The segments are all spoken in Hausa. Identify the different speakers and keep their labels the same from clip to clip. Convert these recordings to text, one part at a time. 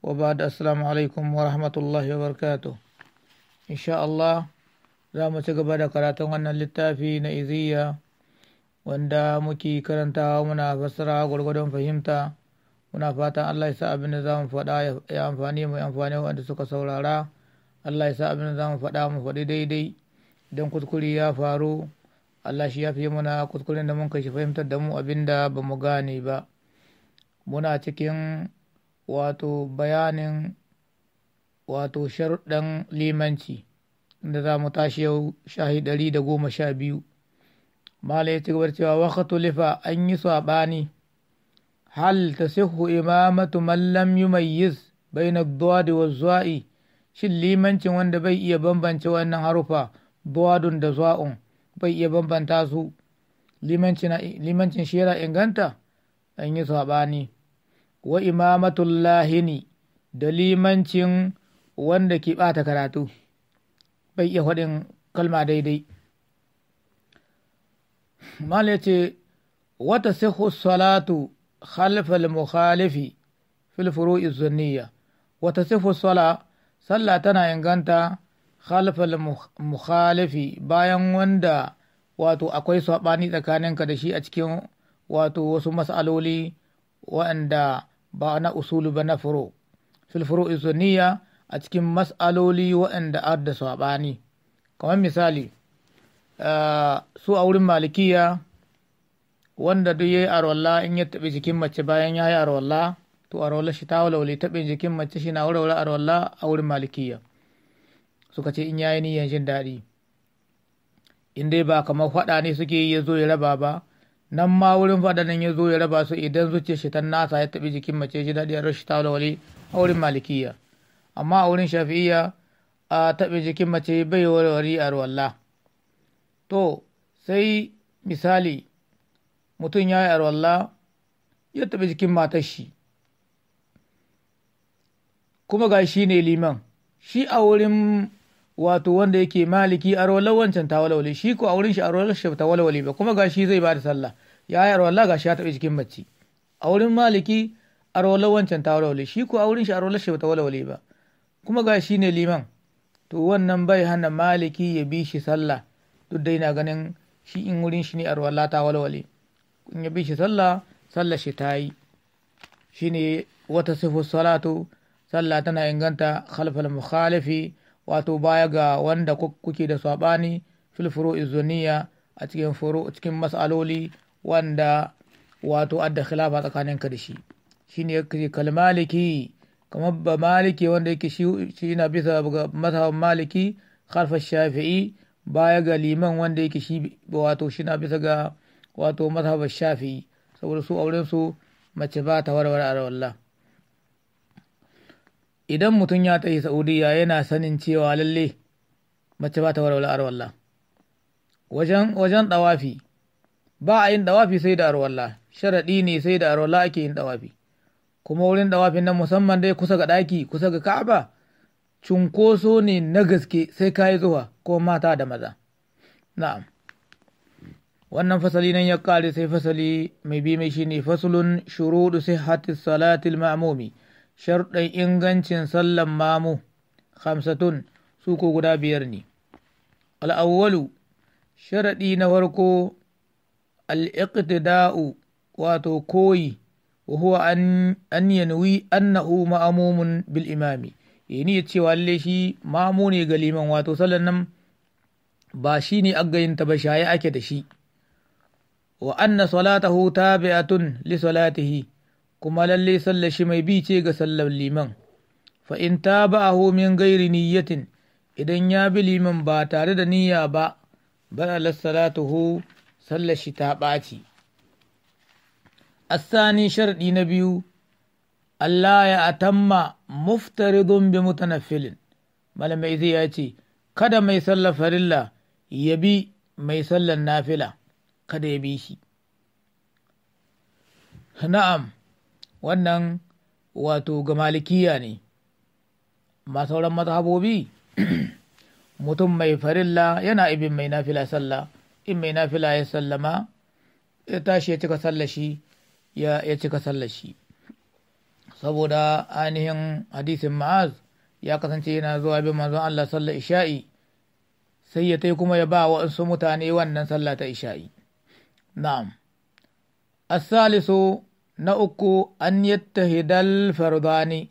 Speaker 1: وبعد assalamu alaikum wa rahmatullahi wa barakatuh Insha'Allah Allah za mu ci gaba da karatun wannan littafi na iziya wanda muke karantawa muna fasara, gwargwadon fahimta muna fatan Allah ya sa abin da za mu faɗa amfani mu amfani wanda suka saurara Allah ya sa abin da za mu faɗa mu faɗi daidai idan kuskure ya faru Allah shi ya fi muna da mun kai fahimtar da mu abin da ba mu gane ba muna cikin wato bayanin wato sharuɗan limanci da za mu tashi yau shahi ɗari da goma sha biyu mala ya ci gaba cewa wakatu lifa an yi saɓani hal ta sihu imamatu mallam yi mai bai na duwadi wa zuwa'i shin limancin wanda bai iya bambance wannan harufa duwadun da zuwa'un bai iya bambanta su limancin shi yana inganta an yi saɓani wa imamatullahini da limancin wanda ke bata karatu bai iya faɗin kalma daidai mala ce wata sihu salatu khalfal mukhalifi fil furu'i wata sihu sala sallah tana inganta khalfal mukhalifi bayan wanda wato akwai saɓani tsakaninka da shi a cikin wato wasu mas'aloli waɗanda ba na usulu ba na furo fil isoniya a cikin mas'aloli waɗanda ar da saɓani kamar misali ah, su a wurin malikiya wanda duk yayi arwalla in ya taɓi jikin mace bayan ya yi arwalla to arwalla shi ta walwale taɓin jikin mace shi na warware arwalla a wurin malikiya suka ce in yayi niyyar jin daɗi in dai ba kamar faɗa ne suke yi ya zo ya raba ba nan ma wurin fadanin ya zo ya raba su idan zuciyar shitan nasa ya taɓi jikin mace ji daɗi a rashin tawali a wurin malikiya amma a wurin shafi'iya a taɓi jikin mace bai warware a ruwalla to sai misali mutum ya yi ruwalla ya taɓi jikin matar shi kuma ga shi ne liman shi a wurin wato wanda yake maliki a rawar wancan ta walwale shi ko a wurin shi a rawar shi ta walwale ba kuma gashi zai bada sallah ya yi arwallah gashi ya taɓa jikin bacci a wurin maliki a rawar wancan ta walwale shi ko a wurin shi a rawar shi ta walwale ba kuma gashi ne liman to wannan bai hana maliki ya bi shi sallah duk da yana ganin shi in wurin shi ne arwallah ta walwale in ya bi shi sallah sallah shi ta yi shi ne wata sifu salatu sallah tana inganta khalfal mukhalifi wato baya ga wanda kuke da saɓani fil furu'i a cikin furu cikin mas'aloli wanda wato adda khilafa tsakanin ka da shi shine yake kal maliki kamar ba maliki wanda yake shi na bisa ga mazhabin maliki kharfa shafi'i baya ga liman wanda yake shi wato shi na bisa ga wato mazhabin shafi'i saboda su auren su mace ba ta warware a idan mutum ya tafi saudiya yana sanin cewa lalle mace ba ta warwala arwalla wajen wajen dawafi ba a yin dawafi sai da arwalla sharaɗi ne sai da arwalla ake yin dawafi kuma wurin dawafin nan musamman dai kusa ga daki kusa ga ka'aba cunkoso ne na gaske sai kayi zuwa ko mata da maza na'am wannan fasali nan ya kare sai fasali mai bi mai shine fasulun shuruɗu sihhatis salatil ma'mumi sharɗin ingancin sallan mamu hamsatun su ko guda biyar ne al'awwalu sharaɗi na farko al'iqtida'u wato koyi wa huwa an yanwi annahu ma'amumun bil imami yani ya cewa lalle shi mamu ne ga liman wato sallan nan ba shi ne aggayinta ba shaye ake da shi wa anna salatahu tabi'atun li salatihi kuma lalle sallar shi mai bi ce ga sallar liman fa in ta ba a homin gairi niyyatin idan ya bi liman ba tare da niyya ba bala hu sallar shi ta ɓaci asani sharɗi na biyu Allah ya atamma muftaridun bi mutanaffilin malamai zai ya ce kada mai sallar farilla ya bi mai sallar nafila kada ya bi shi na'am wannan wato ga malikiya ne ma sauran mazhabobi mutum mai farilla yana ibin mai nafila sallah in mai nafila ya sallama ya tashi ya cika sallashi ya cika sallashi saboda ainihin hadisin ma'az ya kasance yana zuwa bin manzon Allah sallar isha'i sai ya tai kuma ya ba waɗansu mutane wannan sallah ta isha'i na'am as-salisu na uku an hidal fardani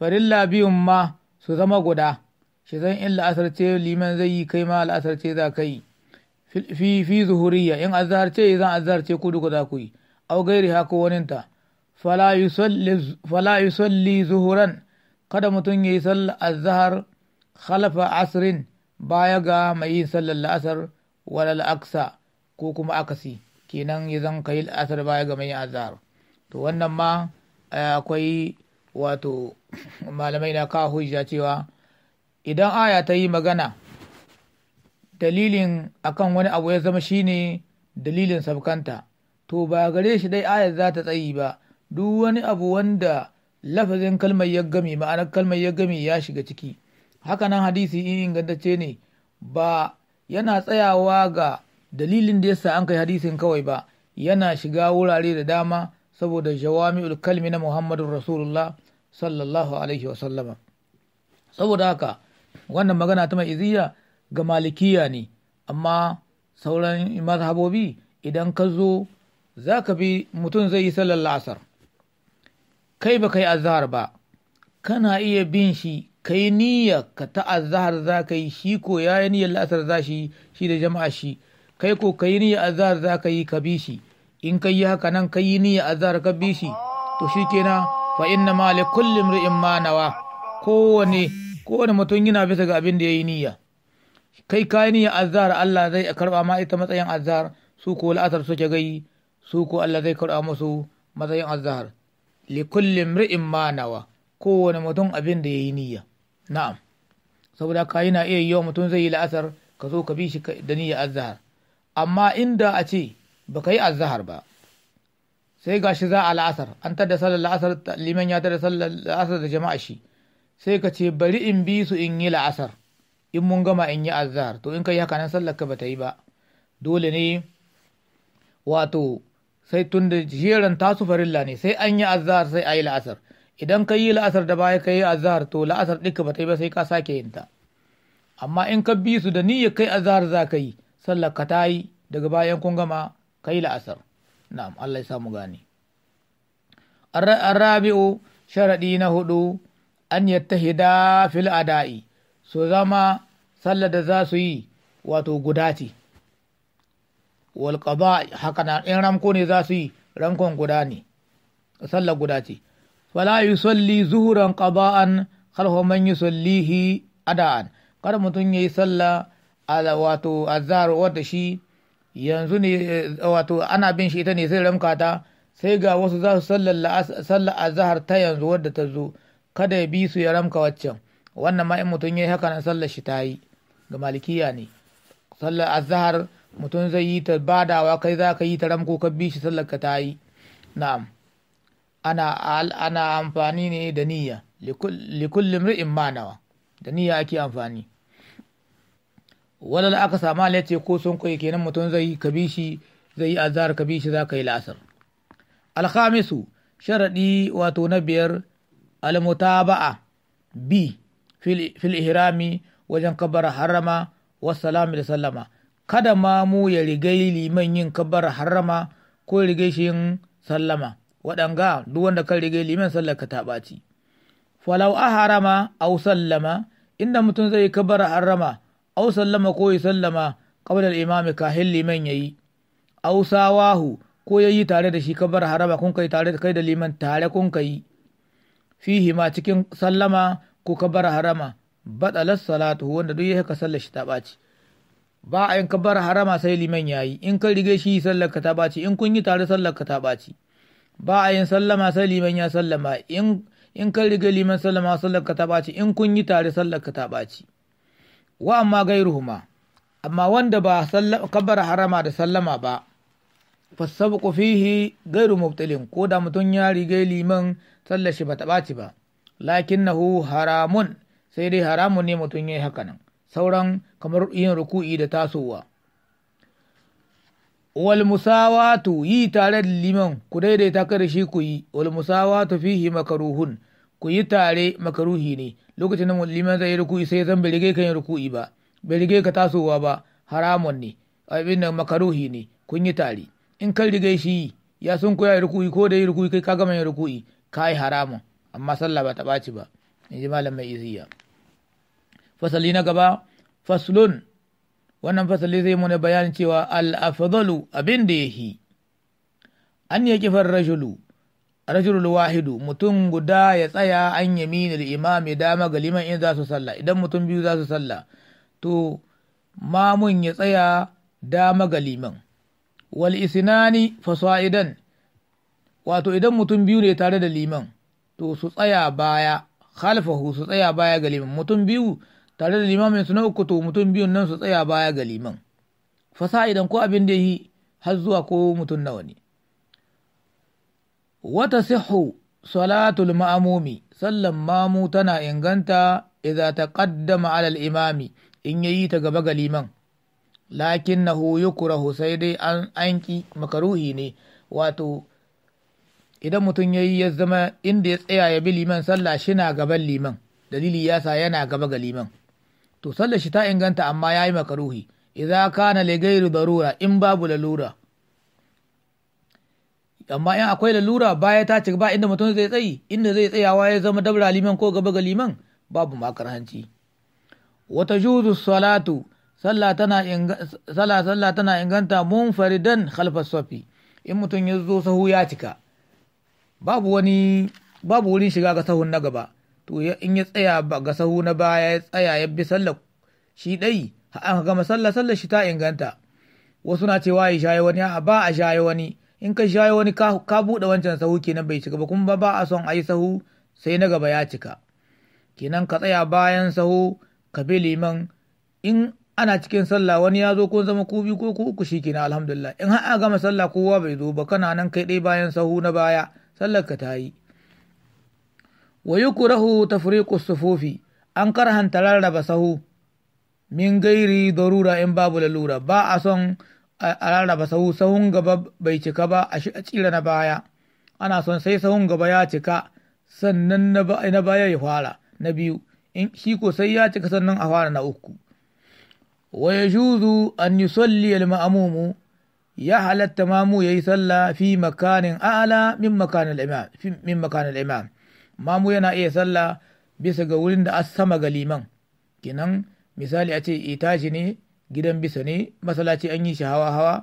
Speaker 1: farilla biyun ma su zama guda shi zan in la'asar ce liman zai yi kai ma la'asar ce za ka yi fi fi zuhuriya in azhar ce zan azhar ce ku duka za ku yi au gairi haka waninta fala yusalli zuhuran kada mutum ya yi sallar azhar khalafa asrin baya ga mai yin sallar la'asar wala la'aksa ko kuma akasi kenan ya zan kai la'asar baya ga mai yin azhar to wannan ma eh, akwai wato malamai na kawo hujja cewa idan aya ta yi magana dalilin akan wani abu ya zama shine dalilin sabkanta to ba gare shi dai Aya za ta tsayi ba duk wani abu wanda lafazin kalmar ya gami ma'anar kalmar ya gami ya shiga ciki hakanan hadisi in ingantacce ne ba yana tsayawa ga dalilin da yasa an kai hadisin kawai ba yana shiga wurare da dama saboda jawami'ul kalmi na Muhammadu rasulullah sallallahu alaihi wasallama saboda haka wannan magana ta mai iziya ga malikiya ne amma sauran mazhabobi idan ka zo za ka bi mutum zai yi sallar la'asar kai ba kai azahar ba kana iya bin shi kai niyya ka ta azahar za ka yi shi ko ya yi niyyar la'asar za shi shi da jama'a shi kai ko kai niyyar azahar za ka yi ka bi shi in kai haka nan kai yi niyya zahar ka bi shi to shikenan fa inna ma li kulli imri'in ma nawa kowane kowane mutum yana bisa ga abin da yi niyya kai ka yi niyya azhar Allah zai karba ma ita matsayin azhar su ko la'asar suke gai su ko Allah zai karba musu matsayin azhar li kulli imri'in ma nawa kowane mutum abin da yayi niyya na'am saboda ka yi na iya yiwa mutum zai yi la'asar ka zo ka bi shi da niyya azhar amma inda a ce ba ka yi azahar ba sai gashi za a la'asar an tada sallar la'asar liman ya tada sallar la'asar da jama'a shi sai ka ce bari in bi su in yi la'asar in mun gama in yi azahar to in ka yi haka nan sallar ka ba ta yi ba dole ne wato sai tun da jeran tasu farilla ne sai an yi azahar sai a yi la'asar idan ka yi la'asar da baya ka yi azahar to la'asar ɗinka ba ta yi ba sai ka sake yin ta amma in ka bi su da niyyar kai azahar za ka yi sallar ka ta yi daga bayan kun gama kai la'asar na'am Allah ya samu gane arrabi'u sharadi na hudu an yattahida fil ada'i su zama sallar da za su yi wato guda wal qada haka na in ramko ne za su yi rankon guda ne sallar guda ce fala yusalli zuhuran qada'an khalfa man yusallihi ada'an Kada mutum yayi sallah ala wato azhar wanda shi yanzu ne wato ana bin shi ita ne sai ramka ta sai ga wasu za su sallar azahar ta yanzu wadda ta zo kada ya bi su ya ramka waccan wannan ma in mutum ya yi haka nan sallar shi ta yi ga malikiya ne sallar azahar mutum zai yi ta badawa kai za ka yi ta ramko ka bi shi sallar ka ta yi na'am ana ana amfani ne da niyya likullin ri'in manawa da niyya ake amfani wala la aka samu ala ce ko sun kai kenan mutum zai yi kabishi zai yi azhar shi za ka yi la'asar alkhamisu sharaɗi wato na biyar almutaba'a bi fil ihrami wajen kabbara wa wassalamu da sallama kada ma mu ya rigai liman yin kabbara harrama ko rigai shi yin sallama waɗanga duk wanda kan riga liman sallar ka taɓaci falau a harama au sallama inda mutum zai kabbara harrama aw sallama ko ya sallama qabla al-imami kahin liman yayi aw sawahu ko yayi tare da shi kabar haraba kun kai tare da kai da liman tare kun kai fihi ma cikin sallama ko kabar harama badalas salatu wanda duk ya haka sallar shi ta ɓaci ba a yin kabar harama sai liman yayi in ka rige shi sallar ka ta ɓaci in kun yi tare sallar ka ta ɓaci ba a yin sallama sai liman ya sallama in in ka rige liman sallama sallar ka ta ɓaci in kun yi tare sallar ka ta ɓaci wa amma gairuhuma amma wanda ba kabbar harama da sallama ba ku fihi gairu mubtalin ko da mutum ya riga liman sallar shi bata ɓaci ba lakin nahu haramun sai dai haramun ne mutum ya yi hakanan sauran kamar yin ruku'i da tasowa wal musawatu yi tare da liman ku daidaita ka shi ku yi wal musawatu fihi makaruhun ku yi tare makaruhi ne lokacin da liman zai yi ruku'i sai zan bai rige ka yi ruku'i ba bai rige ka tasowa ba haramun ne abin da makaruhi ne kun yi tare in kan rige shi ya sun koya yi ruku'i ko da yi ruku'i kai ka gama yin ruku'i ka yi haramun amma sallah ba ta ɓaci ba in ji malam mai iziya fasali na gaba faslun wannan fasali zai muna bayanin cewa al-afdalu abin da yahi an yaqifar rajulu rajulul wahidu mutum guda ya tsaya an yaminil imami dama ga liman in za su sallah idan mutum biyu za su sallah to mamun ya tsaya dama ga liman wal isinani fasa'idan wato idan mutum biyu ne tare da liman to su tsaya baya khalfahu su tsaya baya ga liman mutum biyu tare da limamin su na uku to mutum biyun nan su tsaya baya ga liman fasa'idan ko abin da yi har zuwa ko mutum nawa ne wata sihu salatul ma'amumi sallan mamu tana inganta idza taqaddama ala al-imami in yayi ta gaba ga liman lakinnahu yukrahu sai dai an anki makaruhi ne wato idan mutum yayi ya zama inda ya tsaya ya bi liman sallah na gaban liman dalili yasa yana gaba ga liman to sallar shi ta inganta amma yayi makaruhi idza kana li ghairi darura in babu lalura amma in akwai lalura baya ta ci ba inda mutum zai tsayi inda zai tsayawa ya zama dabra liman ko gaba ga liman babu hanci wata juzu salatu sallah tana inganta mun faridan khalfas safi in mutum ya zo sahu ya cika babu wani babu wurin shiga ga sahun na gaba to in ya tsaya ga sahu na baya ya tsaya ya bi sallah shi dai an gama sallah sallah shi ta inganta wasu na cewa ya shaye wani a ba a shaye wani in ka shayo wani ka buɗe wancan sahu kenan bai cika ba kuma ba a son a yi sahu sai na gaba ya cika kenan ka tsaya bayan sahu ka bi liman in ana cikin sallah wani ya zo ko zama ku biyu ko ku uku shi kenan alhamdulillah in har a gama sallah kowa bai zo ba kana nan kai ɗaya bayan sahu na baya sallar ka ta yi wa ta tafriqu sufofi an karhanta rarraba sahu min gairi darura in babu lalura ba a son a rarraba sahu sahun gaba bai cika ba a tsira na baya ana son sai sahun gaba ya cika sannan na baya ya fara na biyu in shi ko sai ya cika sannan a fara na uku wa juzu, an yusalli al ma'mumu ya halatta mamu ya yi sallah fi makanin a'ala min makanin imam min mamu yana iya sallah bisa ga wurin da as sama ga liman kinan misali a ce itashi ne gidan bisa ne masallaci an yi shi hawa hawa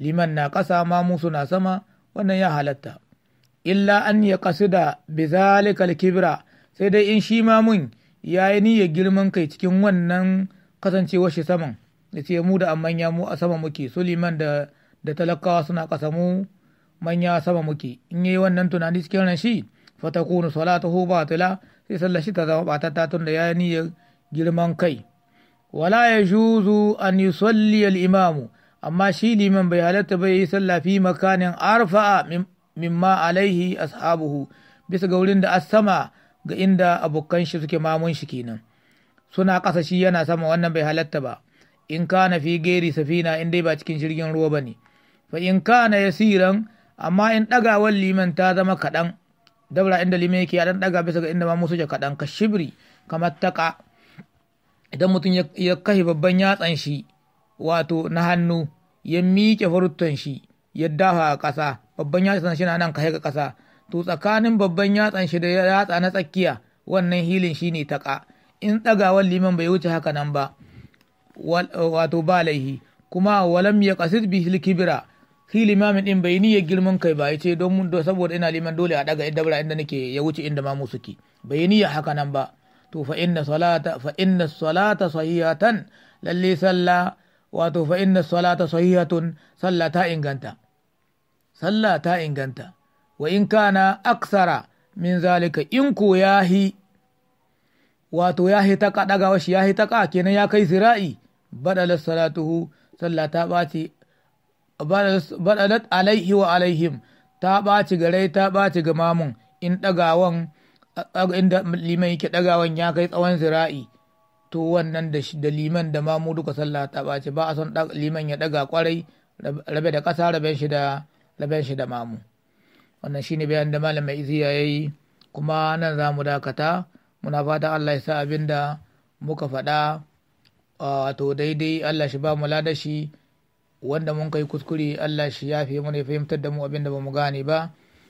Speaker 1: liman na ƙasa mamu suna sama wannan ya halatta illa an ya kasu da bizalikal kibra sai dai in shi mun ya yi niyya girman kai cikin wannan kasancewar shi saman da ce mu da an manya mu a sama muke su liman da talakawa suna ƙasa mu manya sama muke in yi wannan tunani cikin ran shi fatakunu salatuhu batila sai sallar shi ta zama batata tun da ya yi niyyar girman kai wala ya juzu an yusalli al-imamu amma shi liman bai halatta bai yi sallafi fi makanin arfa'a mimma alaihi ashabuhu bisa ga wurin da asama ga inda abokan shi suke mamun shi kenan suna ƙasa shi yana sama wannan bai halatta ba in kana fi geri safina in dai ba cikin jirgin ruwa ba ne fa in kana yasiran amma in ɗagawar liman ta zama kaɗan dabra inda liman yake ya ɗan ɗaga bisa ga inda ma suke kaɗan ka shibri kamar taƙa idan mutum ya kashe babban yatsan shi wato na hannu ya miƙe farutan shi ya dafa a ƙasa babban yatsan shi na nan kashe ga ƙasa to tsakanin babban yatsan shi da yatsa na tsakiya wannan hilin shi ne taƙa in ɗagawar liman bai wuce haka nan ba wato ba laihi kuma walam ya kasid bi kibira hili mamin din bai niyyar girman kai ba ce don saboda ina liman dole a daga idabra inda nake ya wuce inda ma suke bai niyyar haka nan ba to fa inna salata fa inna salata sahihatan lalle sallah wato fa inna salata sahihatun ta inganta ta inganta wa in kana aksara min zalika in ko yahi wato yahi ta ka daga shi yahi ta ka kenan ya kai zira'i badala salatuhu ta ɓaci badalat alaihi wa alaihim ta ɓaci gare ta ɓaci ga mamun in ɗagawan inda liman yake ɗagawan ya kai tsawon zira'i to wannan da liman da mamu duka sallah ta ɓace ba a son liman ya ɗaga kwarai rabe da ƙasa rabe shi da rabe shi da mamu wannan shine bayan da malam mai iziya ya yi kuma nan za mu dakata muna fata Allah ya sa abin da muka faɗa wato daidai Allah shi ba mu ladashi wanda mun kai kuskure Allah shi ya fi mu ne fahimtar da mu abin da ba mu gane ba